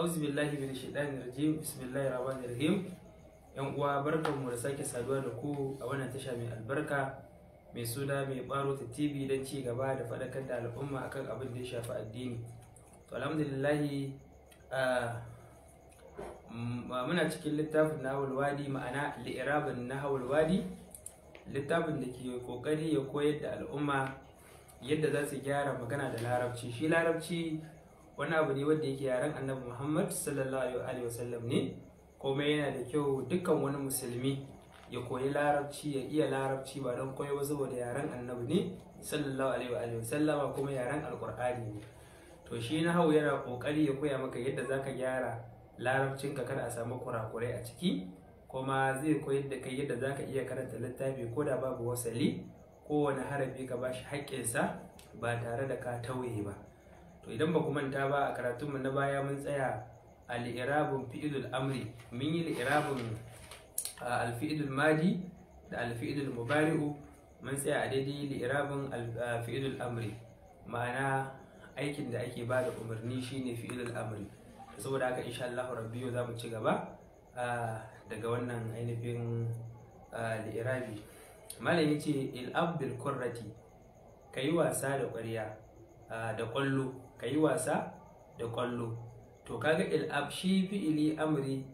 auzu billahi min shaitani rajim bismillahir rahmanir rahim yan uwa mu da sake saduwa da ku a wannan tasha mai albarka mai suna mai baro ta tv don ci gaba da faɗakar da al'umma akan abin da ya shafi addini to alhamdulillahi mm, muna cikin littafin na wadi ma'ana li'irabin na wadi littafin da ke kokari ya koyar da al'umma yadda za su gyara magana da larabci shi larabci wani abu ne wanda yake yaren annabi muhammad sallallahu alaihi wasallam ne kuma yana da kyau dukkan wani musulmi ya koyi larabci ya iya larabci ba don koyi ba saboda yaren annabi ne sallallahu alaihi wasallama kuma yaren alkur'ani ne to shi na hau yana kokari ya koya maka yadda zaka gyara larabcinka kada a samu kurakurai a ciki kuma zai koyar da kai yadda zaka iya karanta littafi ko da babu wasali kowane harafi ka bashi haƙƙinsa ba tare da ka tauye ba to idan ba ku manta ba a karatunmu na baya mun tsaya al-irabun fi'ilul amri mun yi al-irabun al-fi'ilul madi da al-fi'ilul mubari'u mun tsaya a daidai al-irabun al-fi'ilul amri ma'ana aikin da ake ba da umarni shine fi'ilul amri saboda haka insha Allah rabbiyo za mu ci gaba daga wannan ainihin al-irabi malam yace il abdul kurrati kayi wasa da ƙwarya da ƙwallo ka yi wasa da kwallo to kaga il'ab shi fi'ili amri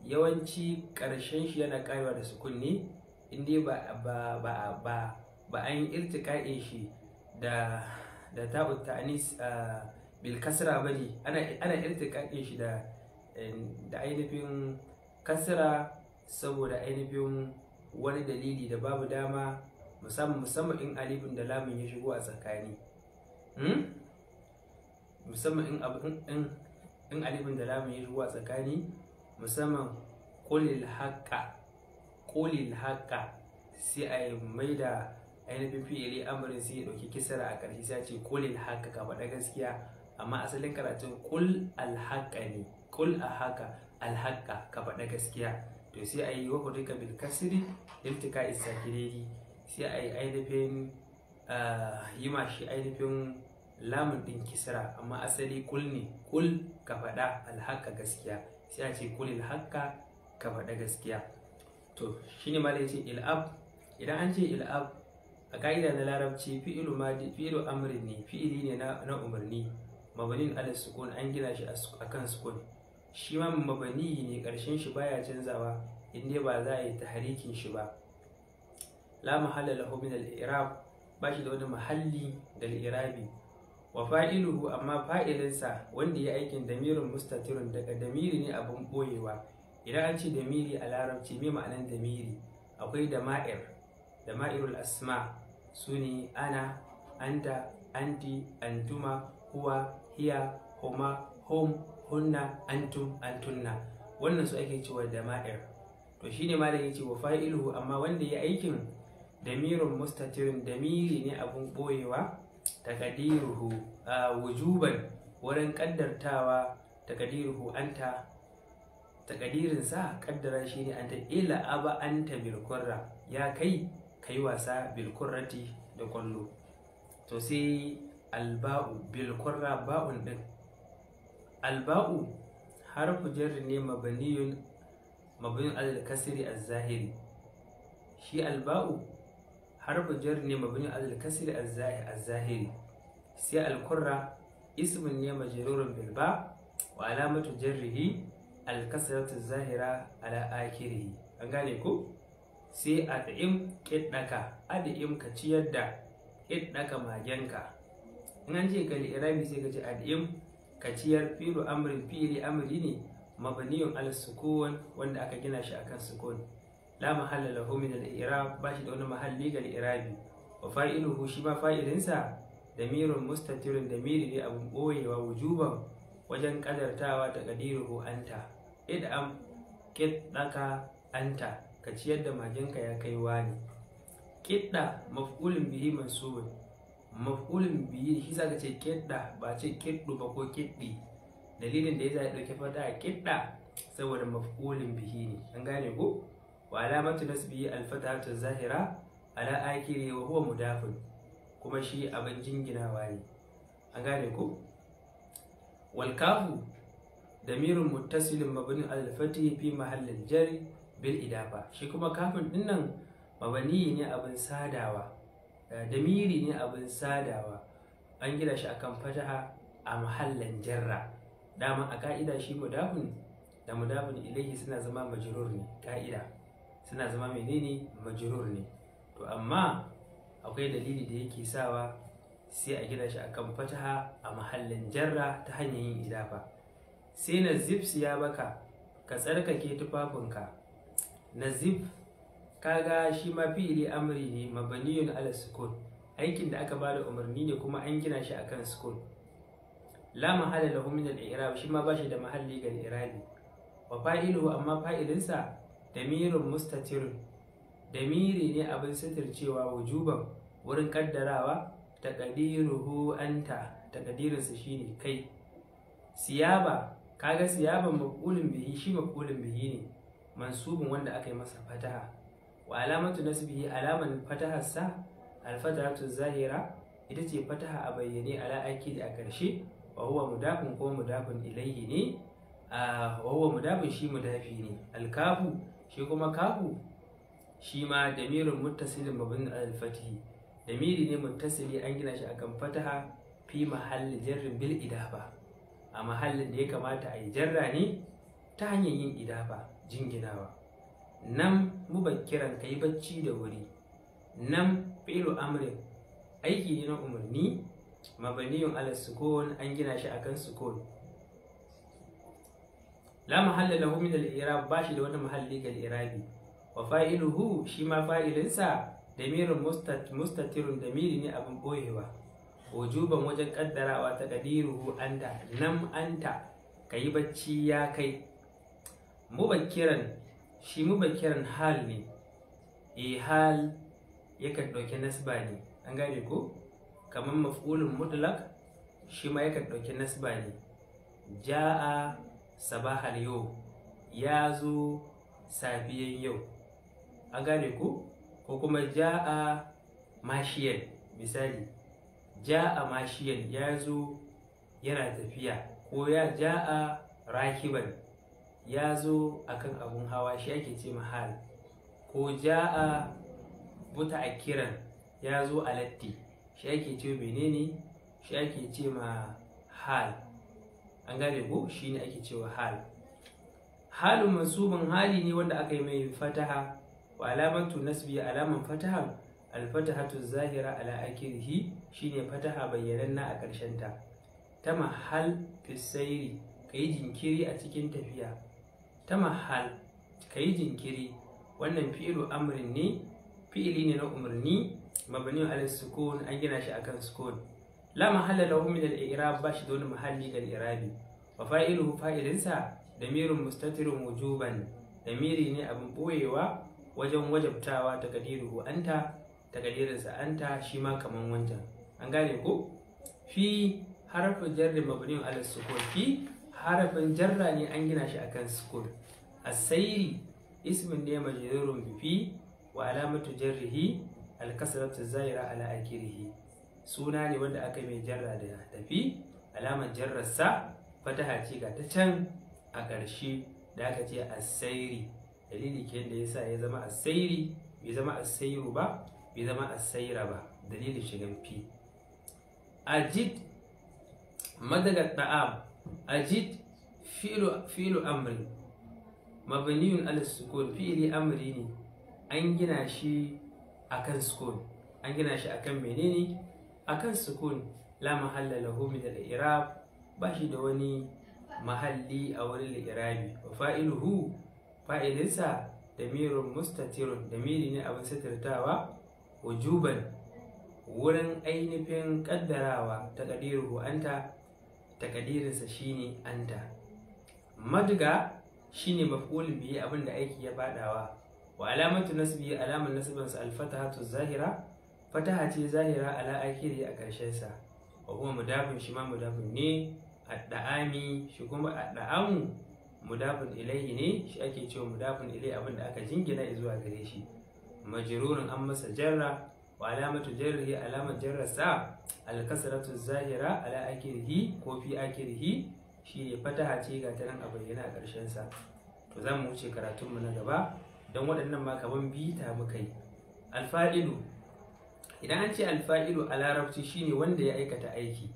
yawanci ƙarshen shi yana karewa da sukunni inda ba ba ba ba ba an irtika'in shi da da ta'ud ta'nis bil kasra bane ana ana irtika'in shi da eh, da ainihin kasra saboda ainihin wani dalili da babu dama musamman musamman in alifin da lamun ya shigo a tsakani hmm? musamman in abu in in alifin da lamun yi ruwa tsakani musamman qulil haqqa qulil haqqa sai a yi maida ainihin fi'ili amarin sai ya dauki kisara a ƙarshe sai a ce qulil haqqa ka faɗa gaskiya amma asalin karatun qul alhaqqa ne qul ahaka alhaqqa ka faɗa gaskiya to sai a yi wa hudika bil kasri iltika isakiriri sai a yi ainihin ah, yi ma shi ainihin lamun ɗin kisra amma asali kul ne kul ka faɗa alhaka gaskiya sai a ce kul ka faɗa gaskiya to shine ma ce il'ab idan an ce il'ab a ka'ida na larabci fi'ilu madi fi'ilu amrin ne fi'ili ne na, umarni mabanin ala sukun an gina shi akan sukun shi ma mabani ne karshen shi baya canzawa inda ba za a yi tahrikin shi ba la mahalla lahu min al-i'rab ba shi da wani mahalli da al-i'rabi wa fa'iluhu amma fa'ilinsa wanda ya aikin damirin mustatirun daga damiri ne abin boyewa idan an ce damiri a larabci me ma'anan damiri akwai dama'ir dama'irul asma su ne ana anta anti antuma huwa hiya huma Hom, hunna antum antunna wannan su ake cewa dama'ir to shi ne shine ya ce wa fa'iluhu amma wanda ya aikin damirin mustatirun damiri ne abin boyewa takadiruhu a wujuban wurin kaddartawa takadiruhu anta takadirin sa kaddara shi ne anta ila aba anta bilkurra ya kai kai wasa bilkurrati da kwallo to sai alba'u bilkurra ba'un din alba'u har jarri ne mabaniyun mabaniyun al az-zahiri shi alba'u harba jar ne mabni alal kasri az-zahiri sai al-qurra ismun ne majrurun bil ba wa alamatu jarrihi al-kasratu zahira ala akhirih an gane ku sai a kiddaka ad'im ka ciyar da kiddaka magenka in an ce ka Irabi sai ka ce ad'im ka ciyar fi'lu amrin fi'li amri ne mabniyun al sukun wanda aka gina shi akan sukun la mahalla lahu min al-i'rab ba shi da wani mahalli ga al-i'rabi wa fa'iluhu shi ma fa'ilinsa damirun mustatirun damiri ne abun boyewa wujuban wajen kadartawa ta kadiruhu anta id'am kiddaka anta ka ciyar da maginka ya kai wani kidda maf'ulun bihi mansubun maf'ulun bihi shi zaka ce kidda ba ce kiddu ba ko kiddi dalilin da ya dauke fata kidda saboda maf'ulun bihi ne an gane ko wa alamatu nasbi alfatatu zahira ala akiri wa huwa kuma shi abin jinginawa ne Walkafu, gane ku wal kafu damirun muttasilin mabni alfati fi mahallin jari bil idafa shi kuma kafin dinnan mabani ne abin sadawa eh, damiri ne abin sadawa an gina shi akan fataha a mahallan jarra dama a ka'ida shi mudafin da mudafin ilaihi suna zama majrur ne ka'ida suna zama menene majrur ne to amma akwai dalili da yake sawa sai a gina shi akan fataha a mahallin jarra ta hanyar yin idafa sai na ya baka ka tsarkake tufafinka na zip kaga shi ma fi'ili amri ne mabaniyun ala sukun aikin da aka ba da umarni ne kuma an gina shi akan sukun la mahalla lahu min al-i'rab shi ma bashi da mahalli ga al-i'rabi wa fa'iluhu amma fa'ilinsa damirun mustatirun damiri ne abin cewa wujuban wurin kaddarawa takadiruhu anta shi shine kai siyaba kaga siyaban maqulun bihi shi maqulun bihi ne mansubin wanda aka yi masa fataha wa alamatu nasbihi alaman fatahar sa alfatahatu zahira ita ce fataha a bayyane ala aiki da a ƙarshe wa huwa mudafin ko mudafin ilayhi ne ah, wa mudafin shi mudafi ne alkafu shi kuma kafu shi ma damirin muttasilin mabin al damiri ne muttasili an gina shi akan fataha fi mahallin jarrin bil idafa a mahallin da ya kamata a yi jarra ne ta hanyar yin idafa jinginawa nan mubakiran ka yi bacci da wuri nan fi'lu amrin aiki ne na umarni mabaniyun ala sukun an gina shi akan sukun la mahalla lahu min irab ba shi da wani muhalli ga al-i'rabi wa fa'iluhu shi ma fa'ilinsa damirun mustatirun damiri ne abin boyewa wujuban wajen kaddarawa ta kadiruhu anta nam anta kayi bacci ya kai mubakkiran shi mubakkiran hal ne eh hal yakan ɗauki nasba ne an gane ko kamar maf'ulun mutlaq shi ma yakan ɗauki nasba ne ja'a sabahal yau ya zo safiyan yau an gane ku ko kuma ja'a mashiyan misali ja'a mashiyan ya zo yana tafiya ko ya ja'a rakiban ya zo akan abun hawa shi ake ce mahal ko ja'a buta a kiran ya zo a latti shi ake ce menene shi ake ce mahal an gane ko shine ake cewa hal halun mansubin hali ne wanda aka yi mai fataha wa alamatu nasbi alaman fataha alfatahatu zahira ala akirhi shine fataha bayyananna a karshen ta ta mahal fisairi ka jinkiri a cikin tafiya ta mahal ka jinkiri wannan fi'ilu amrin ne fi'ili ne na umarni mabani al sukun an gina shi akan sukun la mahalla lahu min al-i'rab ba shi da wani mahalli ga i'rabi wa fa'iluhu fa'ilinsa damirun mustatirun wujuban damiri ne abin ɓoyewa wajen wajabtawa ta takadiruhu anta takadirinsa anta shi ma kaman wancan an gane ko fi harafin jarri mabniun ala sukun fi harafin jarra ne an gina shi akan sukun asairi ismin ne majrurun bi fi wa alamatu jarrihi al-kasratu zaira ala akirihi suna ne wanda aka mai jarra da tafi alamar jarrarsa fataha ce ga ta can a ƙarshe da aka ce asairi dalili ke da yasa ya zama asairi bai zama asairu ba bai zama asaira ba dalilin shigan fi ajid madaga ta'am ajid filu amri mabniyun ala sukun fi'li amri ne an gina shi akan sukun an gina shi akan menene akan sukun la mahalla lahu min al-i'rab ba shi da wani mahalli a wurin al-i'rabi wa fa'iluhu fa'ilinsa damirun mustatirun damiri ne abin sitirtawa wujuban wurin ainihin kaddarawa ta kadiru anta kadirinsa shine anta madga shine maf'ul bihi abin da aiki ya fadawa wa alamatu nasbi alamun nasibinsa al-fatahatu zahira fataha ce zahira ala akiri a ƙarshen sa wa kuma mudafin shi ma mudafin ne da'ami shi kuma da'amu mudafin ilaihi ne shi ake cewa mudafin ilai abin da aka jingina zuwa gare shi majrurun an masa jarra wa alamatu jarrihi alamat jarrasa alkasratu zahira ala akirihi ko fi akirihi shi ne fataha ce ga ta nan a bayyana a ƙarshen sa to za mu wuce karatunmu na gaba don waɗannan ma kaman bita muka kai. alfa'ilu idan an ce alfa'ilu a larabci shine wanda ya aikata aiki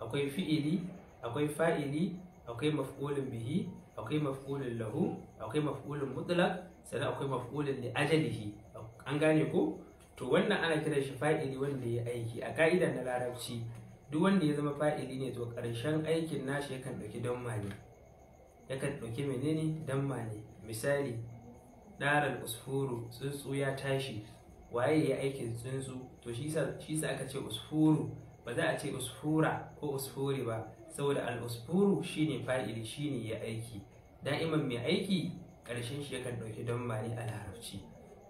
akwai fi'ili akwai fa'ili akwai maf'ulun bihi akwai maf'ulun lahu akwai maf'ulun mutlaq sannan akwai maf'ulun li ajalihi an gane ko to wannan ana kiran shi fa'ili wanda ya aiki a ka'ida na larabci duk wanda ya zama fa'ili ne to karshen aikin nashi yakan ɗauki don mani yakan ɗauki menene don mani misali daral usfuru tsuntsu ya tashi waye ya aikin tsuntsu to shi sa aka ce usfuru ba za a ce usfura ko usfuri ba saboda al'usfuru shine fa'ili shine ya aiki da'iman mai aiki Karshen shi yakan ɗauki don mani a larabci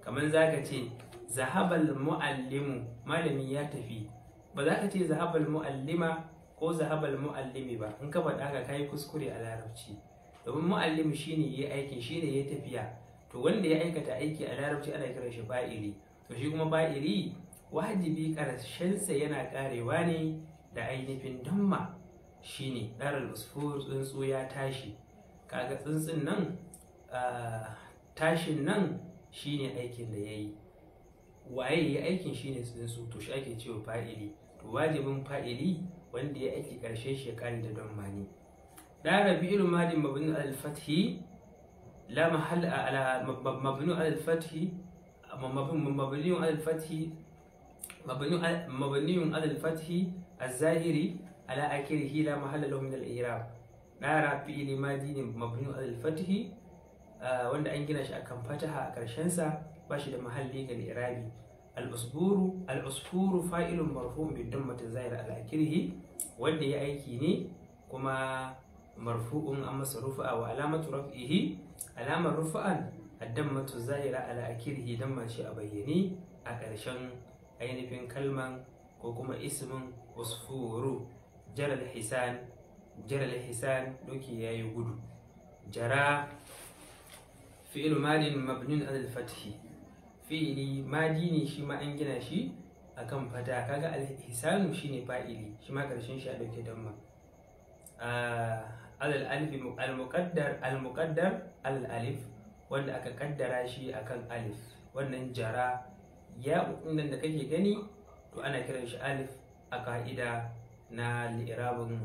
kamar za ka ce zahabal mu'allimu malami ya tafi ba za ka ce zahabal mu'allima ko zahabal mu'allimi ba in ka faɗa ka kayi kuskure a larabci domin mu'allimi shine ya aikin shine ya tafiya to wanda ya aikata aiki a larabci ana kiran shi fa'ili to shi kuma ba'iri wajibi ƙarshensa yana ƙarewa ne da ainihin damma shine ɗarar usfur tsuntsu ya tashi kaga tsuntsun nan tashin nan shine aikin da ya yi waye ya aikin shine tsuntsu to shi ake cewa fa'ili to wajibin fa'ili wanda ya aiki ƙarshe shekari da don mani ɗara bi'ir madin mabnu al-fathi la mahal ala mabnu al-fathi مبني على الفتح مبني مبني على الفتح الظاهري على آخره لا محل له من الإعراب نرى فعل ماضي مبني على الفتح wanda an gina shi akan fataha a ƙarshen sa ba shi da mahalli ga irabi al al-usfuru fa'ilun marfu'un bi dammati zahir ala wanda ya aiki ne kuma marfu'un an masa rufa'a wa alamatu raf'ihi alamar rufa'an addammatu zahira ala akirhi dan ma shi a bayyane a ƙarshen ainihin kalman ko kuma ismin usfuru jaral hisan jaral hisan doki yayi gudu jara fi'il madin mabnin alal fathi fi'ili madi ne shi ma an gina shi akan fata kaga al-hisanu shine fa'ili shi ma ƙarshen shi a dauke damma alal alif al-muqaddar al-muqaddar alal alif wanda aka kaddara shi akan alif wannan jara ya ɗin da kake gani to ana kiran shi alif a ka'ida na li'irabin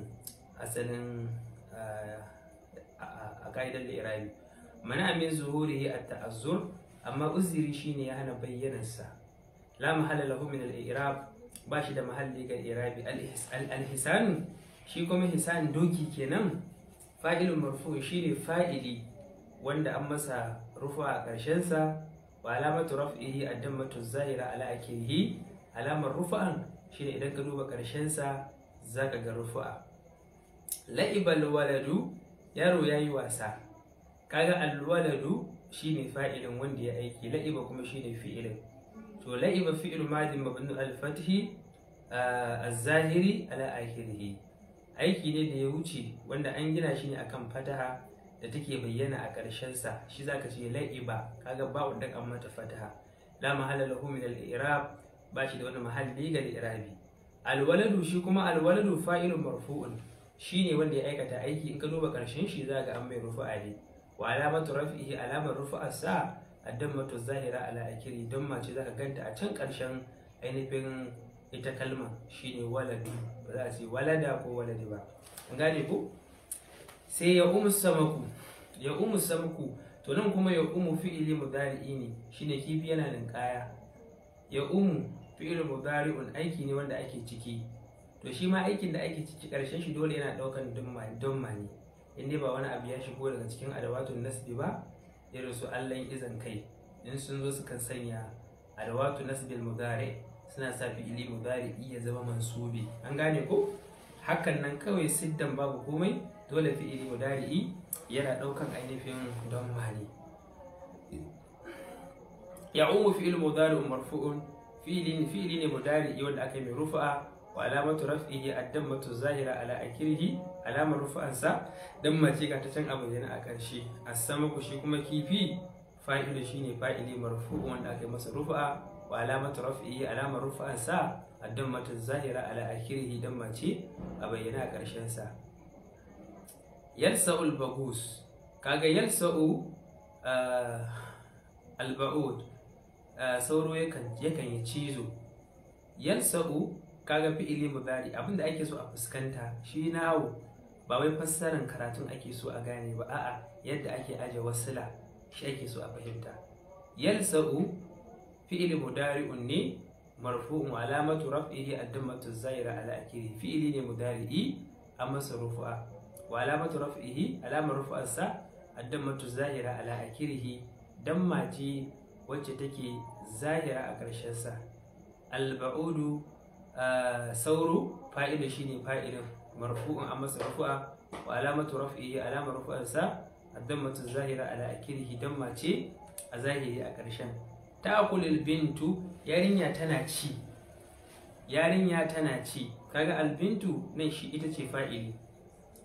asalin ah, a ka'idar li'irabi mana min zuhuri a ta'azzur amma uziri shine ya hana bayyanansa. la mahalla lahu min al ba shi da mahalli ga irabi al shi kuma hisan doki kenan fa'ilun marfu shine fa'ili wanda an masa rufa a ƙarshensa wa alamatu raf'ihi addammatu zahira ala akirihi alamar rufa'an shine idan ka duba ƙarshensa zaka ga rufa'a la'ibal waladu yaro yayi wasa kaga al waladu shine fa'ilin wanda ya aiki la'iba kuma shine fi'ilin to la'iba fi'il madin mabni al fathi ah, az-zahiri ala akhirih aiki ne da ya wuce wanda an gina shi ne akan fataha da take bayyana a ƙarshen sa shi zaka ce la'iba kaga ba wanda kan mata fataha la mahalla lahu min al-i'rab ba shi da wani mahalli ga al-i'rabi al-waladu shi kuma al-waladu fa'ilun marfu'un ne wanda ya aikata aiki in ka duba ƙarshen shi zaka an mai a ne wa alamatu raf'ihi alamar rufu'a sa addammatu zahira ala akiri don mace zaka ganta a can ƙarshen ainihin ita kalma shine waladu ba za a ce walada ko waladi ba gane ku? sai ya umu samaku ya umu samaku to nan kuma ya umu fi'ili mudari'i ne shine kifi yana ninkaya ya umu fi'il mudari'un aiki ne wanda ake ciki to shi ma aikin da ake ciki karshen shi dole yana daukan dumma ne inda ba wani abu ya shigo daga cikin adawatun nasbi ba irin su allon izan kai in sun zo su kan sanya adawatun nasbil mudari suna sa fi'ili mudari'i ya zama mansubi an gane ko hakan nan kawai siddan babu komai dole fi'ili mudari'i yana daukan ainihin don mani ya'umu fi'il mudari'un marfu'un fi'ili fi'ili ne mudari'i wanda aka yi mai rufa'a wa alamatu raf'ihi ad matu zahira ala akhirih alamar rufa'ansa dan mace ga ta can abu yana a ƙarshe a sama ku shi kuma kifi fa'ilu shine fa'ili marfu'un wanda aka yi masa rufa'a wa alamatu raf'ihi alamar rufa'ansa ad matu zahira ala akhirih dan mace a bayyana a ƙarshen sa yalsa'ul bagus kaga yalsa'u alba'ud sauro yakan yi cizo yalsa'u kaga fi'ili mudari abinda ake so a fuskanta shi nawo ba wai fassarar karatun ake so a gane ba a'a yadda ake aje wasila shi ake so a fahimta yalsa'u fi'ili mudari'un ne marfu'un mu alamatu raf'ihi addamatu zaira ala akiri fi'ili ne mudari'i amma rufu'a. wa alamatu raf'ihi alamar rufansa addammatu zahira ala akirihi damma ce wacce take zahira a ƙarshen sa alba'udu sauro fa'ida shine fa'ilin marfu'un an masa rufu'a wa alamatu raf'ihi alamar rufansa addammatu zahira ala akirihi damma ce a zahiri a ƙarshen ta'kulul bintu yarinya tana ci yarinya tana ci Ka ga albintu nan shi ita ce fa'ili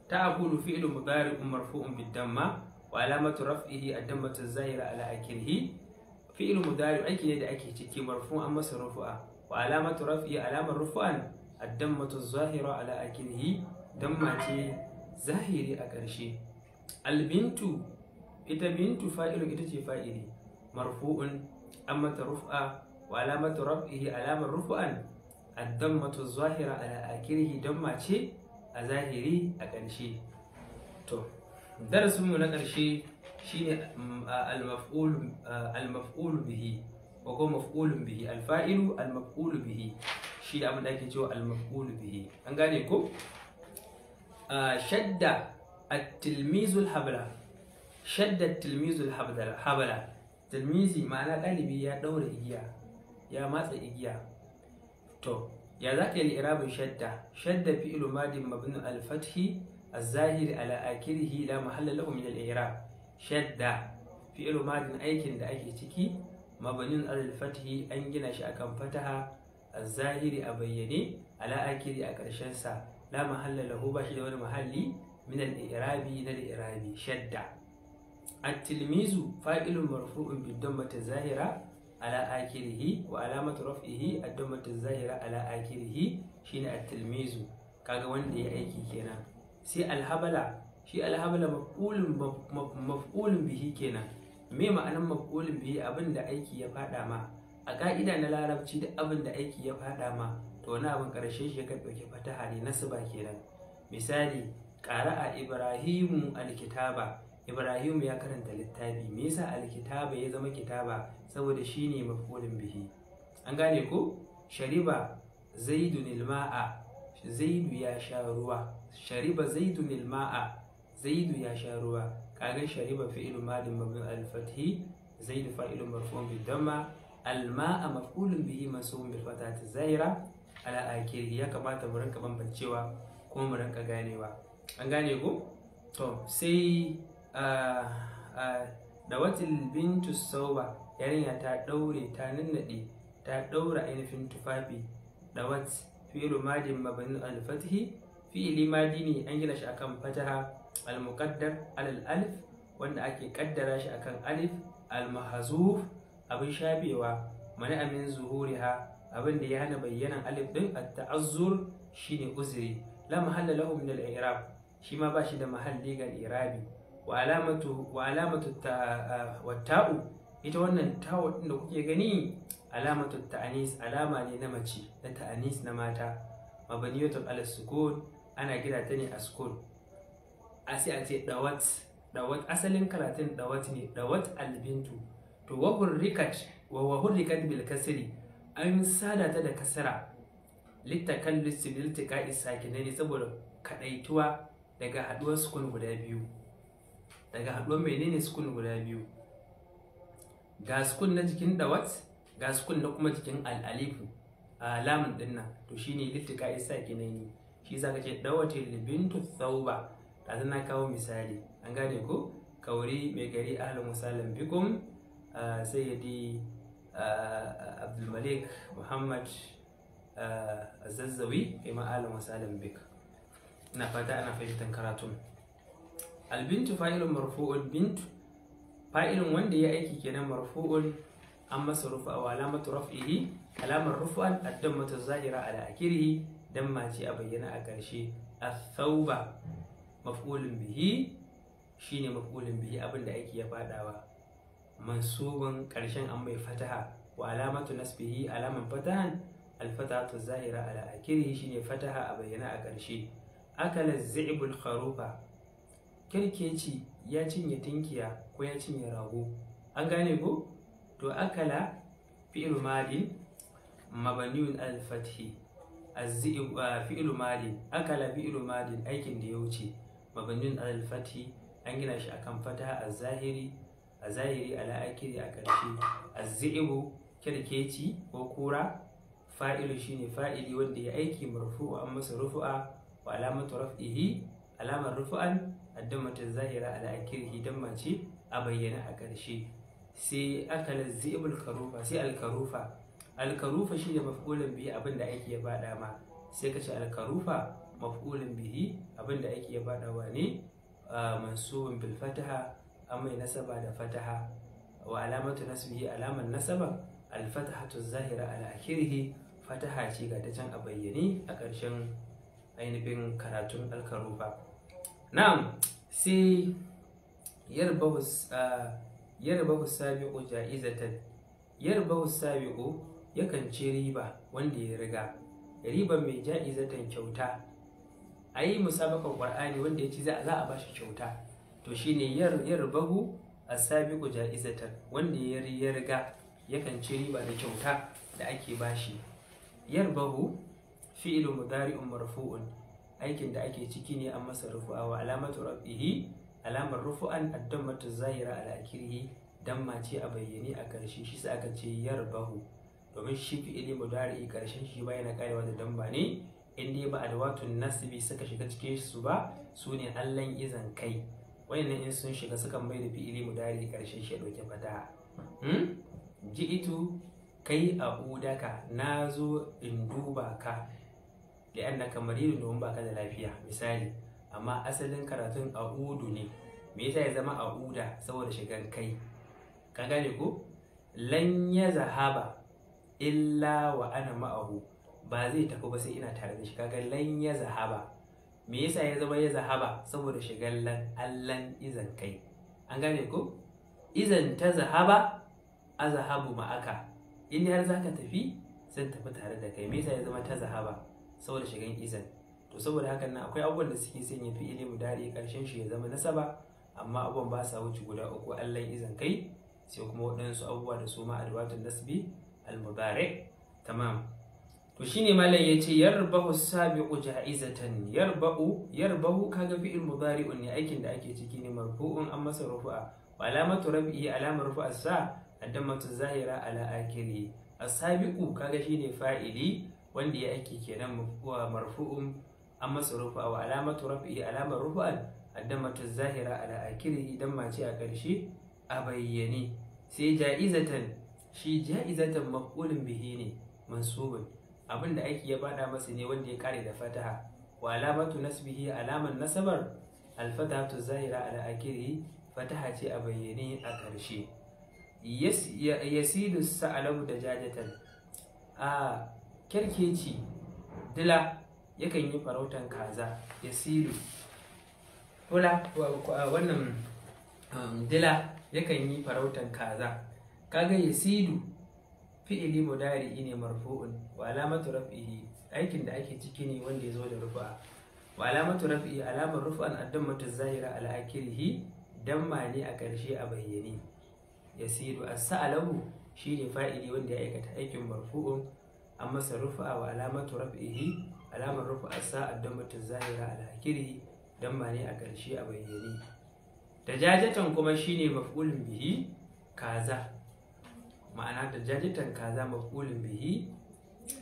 Ta abun fi'ilmu ɗari un marfoin gidan ma. Wa alama matu a dammatun zahira ala a ƙirƙi. Fi'ilmu ɗari aiki ne da ake ciki, marfin an masa rufi'a. Wa alama matu a alamar rufi'an. A dammatun zahira ala a ƙirƙi. Damma zahiri a ƙarshe. Albin tu fa'idu gidaje fa'idu marfoin an mata rufi'a. Wa alama matu alamar rufi'an. A dammatun zahira ala a ƙirƙi damma a zahiri a ƙarshe to darasinmu na ƙarshe shine mm, al-maf'ul bihi wa kuma maf'ulun bihi al-fa'ilu al-maf'ul bihi shi da abin da ake cewa al-maf'ul bihi an gane ko shadda at-tilmizul habla shadda at-tilmizul habla tilmizi ma'ana ɗalibi ya ɗaura igiya ya matsa igiya to ya za ka yi irabin shadda shadda fi al madin mabnu alfathi a على آخره لا محل له من الإعراب شدة فعل aikin da ake ciki mabanin al-fathi an gina shi akan fataha az-zahiri a bayyane ala a karshen sa la mahalla lahu ba shi da wani mahalli min al-i'rabi na al-i'rabi shadda at-tilmizu fa'ilun marfu'un bi dammati zahira ala akirihi wa alamatu raf'ihi ad-dammatu zahira ala akirihi shine at-tilmizu kaga wanda ya aiki kenan sai alhabala shi alhabala maf'ulun maf'ulun bihi kenan me ma'anan maf'ulun bihi abinda aiki ya fada ma a ka'ida na larabci duk abinda aiki ya faɗa ma to wani abin karshe shi kan dauki fataha ne nasaba kenan misali a ibrahimu alkitaba ibrahim ya karanta littafi me yasa alkitaba ya zama kitaba saboda shine mafulin bihi an gane ko shariba zaidun ilma'a zaidu ya sha ruwa shariba zaidun ilma'a zaidu ya sha ruwa kaga shariba fi'ilun madin mabni al-fathi zaidu fa'ilun marfu'un bi damma al-ma'a maf'ulun bihi mansubun bi fatati zaira ala akhiri ya kamata mu rinka bambancewa kuma mu rinka ganewa an gane ko to sai Ah, ah, da watin bintu sauba yarinya ta daure ta nannade ta daura ainihin tufafi da wat fi'lu madin Mabani al fathi fi'li madini an gina shi akan fataha al muqaddar al alif wanda ake kaddara shi akan alif al abin shabewa Mani amin zuhuriha abin da ya hana bayyanan alif din at ta'azzur shine uzuri. la mahalla lahu min al i'rab shi ma ba shi da mahalli ga irabi wa alamatu ta ita wannan tawo da kuke gani alamatu ta'anis alama ne na mace na ta'anis na mata mabaniyatu ala ana kira ta ne a sukun a sai a ce dawat dawat asalin karatun dawat ne dawat albintu to wa hurrikat wa wa bil kasri an sada ta da kasara littakallus bil tiqa'i sakinaini saboda kadaituwa daga haduwar sukun guda biyu daga haɗuwar menene sukun guda biyu ga sukun na jikin dawat ga sukun na kuma jikin al'alifu a lamun ɗin nan to shine littuka isa kinani shi za ka ce dawatil bintu thauba ta na kawo misali an gane ko kauri mai gari ahlan wasalan bikum sayyidi abdulmalik muhammad zazzawi kai ma ahlan bik ina fata ana fahimtar karatun albintu fa'ilun marfu'ul bintu fa'ilun wanda ya aiki kenan marfu'ul an masa rufa wa alamatu raf'ihi alamar rufan mata zahira ala akirihi dan mace a bayyana a ƙarshe athauba maf'ulun bihi shine maf'ulun bihi da aiki ya fadawa mansubun ƙarshen an mai fataha wa alamatu nasbihi alamar fatahan alfatatu zahira ala akirihi shine fataha a bayyana a ƙarshe akala zibul kharufa kirkeci ya cinye tinkiya ko ya cinye rago an gane ko to akala fi'il madi mabaniun al fathi fi'il madi akala fi'il madi aikin da ya wuce mabaniun al fathi an gina shi akan fata a zahiri a zahiri ala akiri a ƙarshe azzi'ibu kirkeci ko kura fa'ilu shine fa'ili wanda ya aiki marfu'u an masa rufu'a wa alamatu raf'ihi alamar rufu'an addamata zahira ala akirhi dan mace a bayyana a ƙarshe sai akala zibul karufa sai alkarufa alkarufa shine maf'ulun bihi abinda ake ya bada ma sai kace alkarufa maf'ulun bihi abinda ake ya bada wa ne mansubun bil fataha amai nasaba da fataha wa alamatu nasbihi alaman nasaba al'fataha tun zahira ala akirhi fataha ce ga ta can a bayyane a ƙarshen ainihin karatun alkarufa na'am sai yarbahu yarbahu sabiqu ja'izatan yarbahu sabiqu yakan ci riba wanda ya riga riban mai ja'izatan kyauta a yi musabakan qur'ani wanda ya ci za a shi kyauta to shine yarbahu sabi'u ja'izatan wanda ya riga yakan ci riba da kyauta da ake bashi bahu fi'lu mudari'un marfu'un aikin da ake ciki ne an masa rufu'a wa alamatu rafihi alamar rufu'an addammatu zahira ala akhirih damma ce a bayyane a karshe shi sa aka ce yarbahu domin shi fi ilimu mudari karshen shi ba yana karewa da damba ne in dai ba adawatun nasibi suka shiga cikin su ba su ne allan izan kai wayannan in sun shiga suka mai da fi'ili mudari karshen shi ya dauke fata hmm? ji'itu kai a udaka na zo in duba ka li'annaka maridun domin baka da lafiya misali amma asalin karatun a'udu ne me yasa ya zama a a'uda saboda shigan kai ka gane ko lan ya zahaba illa wa ana ma'ahu ba zai tafi ba sai ina tare da shi kaga lan ya zahaba me yasa ya zama ya zahaba saboda shigan lan allan izan kai an gane ko izan ta zahaba a zahabu ma'aka in har zaka tafi zan tafi tare da kai me yasa ya zama ta zahaba saboda shigan izan to saboda hakan nan akwai abubuwan da suke sanya fi'ili mudari karshen shi ya zama nasaba amma abubuwan ba sa wuce guda uku allan izan kai sai kuma waɗansu abubuwa da su ma adwatun nasbi al-mubarak tamam to shine malam yace yarbahu sabiqu ja'izatan yarbahu yarbahu kaga fi'il mudari'un ne aikin da ake ciki ne marfu'un an masa rufu'a wa alamatu rabi'i alamar rufu'a sa addamatu zahira ala akiri as-sabiqu kaga shine fa'ili wanda ya aiki kenan wa marfu'un an masa rufa wa alamatu rafi alamar rufa'an addamatu zahira ala akiri idan mace a ƙarshe a bayyane sai ja'izatan shi ja'izatan maf'ulun bihi ne mansubun abin da aiki ya bada masa ne wanda ya kare da fataha wa alamatu nasbihi alamar nasabar alfatahatu zahira ala akiri fataha ce a bayyane a ƙarshe yasidu sa'alahu da jajatan a ah, Kerkeci, dila yakan yi farautan kaza ya silu wala wannan um, dila yakan yi farautan kaza kaga ya sidu fi'ili mudari ne marfu'un wa alamatu raf'ihi aikin da ake ciki ne wanda ya zo da rufa wa alamatu raf'i alamar rufa'an addammatu zahira ala akirihi damma ne a ƙarshe a bayyane yasiru as-sa'alahu shine fa'ili wanda ya aikata aikin marfu'un an masa rufa wa alamatu raf'ihi alamar rufa asa addamatu zahira ala akiri dan ba ne a ƙarshe a bayyane dajajatan kuma shine maf'ulun bihi kaza ma'ana dajajatan kaza maf'ulun bihi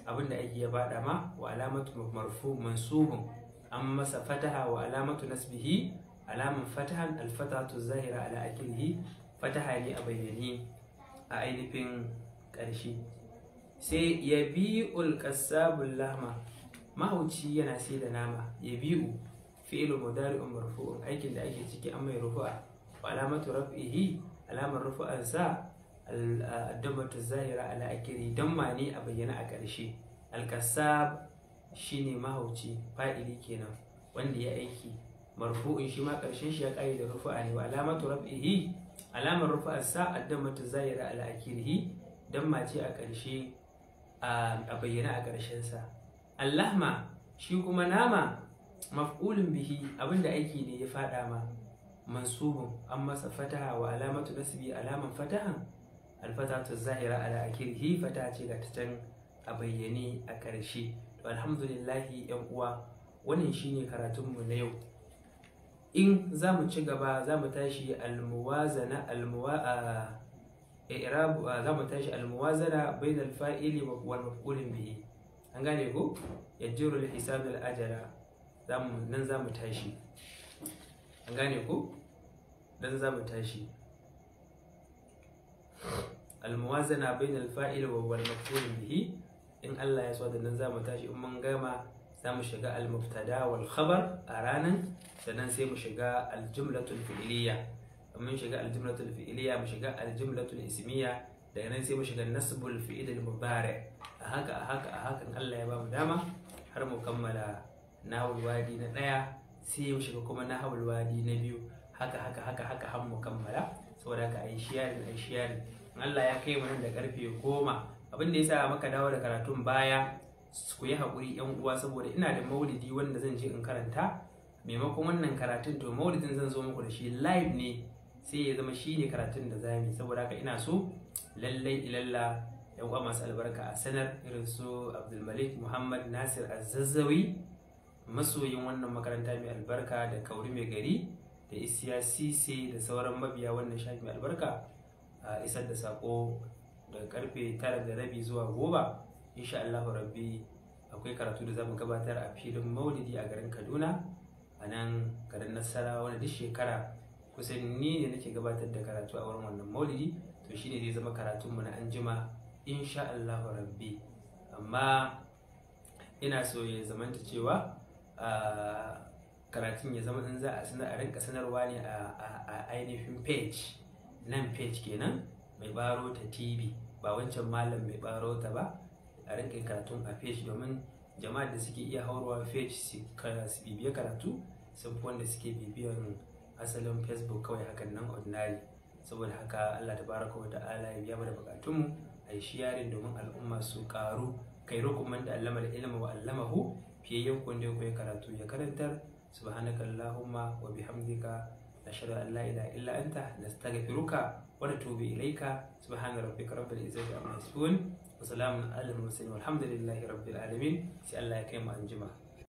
abinda ake ya bada ma wa alamatu marfu mansubun an masa fataha wa alamatu nasbihi alaman fatahan alfatatu zahira ala akilihi fataha ne a bayyane a ainihin ƙarshe sai ya bi'ul kassabul lahma mahauci yana sai da nama ya bi'u mudari mudari'un marfu'un aikin da ake ciki an mai rufu'a, wa alamatu raf'ihi alamar rufu'an sa addamatu zahira ala akiri damma ne a bayyana a ƙarshe alkassab shine mahauci fa'ili kenan wanda ya aiki marfu'in shi ma ƙarshen shi ya ƙayi da rufu'a ne wa alamatu raf'ihi alamar rufu'an sa addamatu zahira ala akirihi damma mace a ƙarshe a bayyana a ƙarshensa allahma shi kuma nama maf'ulun bihi abinda aiki ne ya faɗa ma mansubun an masa fataha wa alamatu nasibi alaman fatahan alfatatu zahira ala akirhi fata ce ga ta a bayyane a ƙarshe to alhamdulillahi yan uwa wannan shine karatunmu na yau in za mu ci gaba za mu tashi almuwazana almuwa i'rab za mu tashi al-muwazana bayna al-fa'ili wal maf'ulin bihi an gane ko yajiru al-hisab al-ajala zamu nan zamu tashi an gane ko dan zamu tashi al-muwazana bayna al-fa'ili wal maf'ulin bihi in Allah ya so da nan zamu tashi in mun gama zamu shiga al-mubtada wal khabar a ranan sannan sai mu shiga al-jumlatul fi'liyya mun shiga aljumlatul fi'iliya mu shiga aljumlatul ismiya da nan sai mu shiga nasbul fi'il mubari a a haka a haka Allah ya ba dama har mu kammala nahul wadi na ɗaya, sai mu shiga kuma nahul wadi na biyu haka haka haka haka har mu kammala saboda haka ai shiyarin ai Allah ya kai mu nan da karfe goma abin da ya yasa maka dawo da karatun baya ku yi haƙuri yan uwa saboda ina da maulidi wanda zan je in karanta maimakon wannan karatun to maulidin zan zo muku da shi live ne sai ya zama shi ne karatun da zamu saboda haka ina so lallai ilalla yan uwa masu albarka a sanar irin su abdulmalik muhammad nasir azazzawi masoyin wannan makaranta mai albarka da kauri mai gari da isiya sise da sauran mabiya wannan shafi mai albarka a isar da sako daga karfe tara da rabi zuwa goma insha allahu rabbi akwai karatu da zamu gabatar a filin maulidi a garin kaduna a nan garin nasara wani duk shekara kusan ni ne nake gabatar da karatu a wurin wannan maulidi to shine zai zama karatun mu na anjima insha Allahu rabbi amma ina so ya zamanta cewa karatun ya zama in za a sanar a rinka sanarwa ne a ainihin page nan page kenan mai baro ta tv ba wancan malam mai baro ta ba a rinka karatun a page domin jama'a da suke iya haurawa page su bibiya karatu sun fi wanda suke bibiyan asalin facebook kawai hakan nan ordinary saboda haka allah baraka wa ta'ala ya biya da bukatunmu a yi shiyarin domin al'umma su karu kai rukuman da allama da ilma wa allamahu fiye yankun ne ya karatu ya karantar subhanakallahumma wa bihamdika ashhadu an la ilaha illa anta nastaghfiruka wa natubu ilayka subhana rabbika rabbil izzati amma yasifun wa salamun alal mursalin walhamdulillahi rabbil alamin sai allah ya kai mu anjima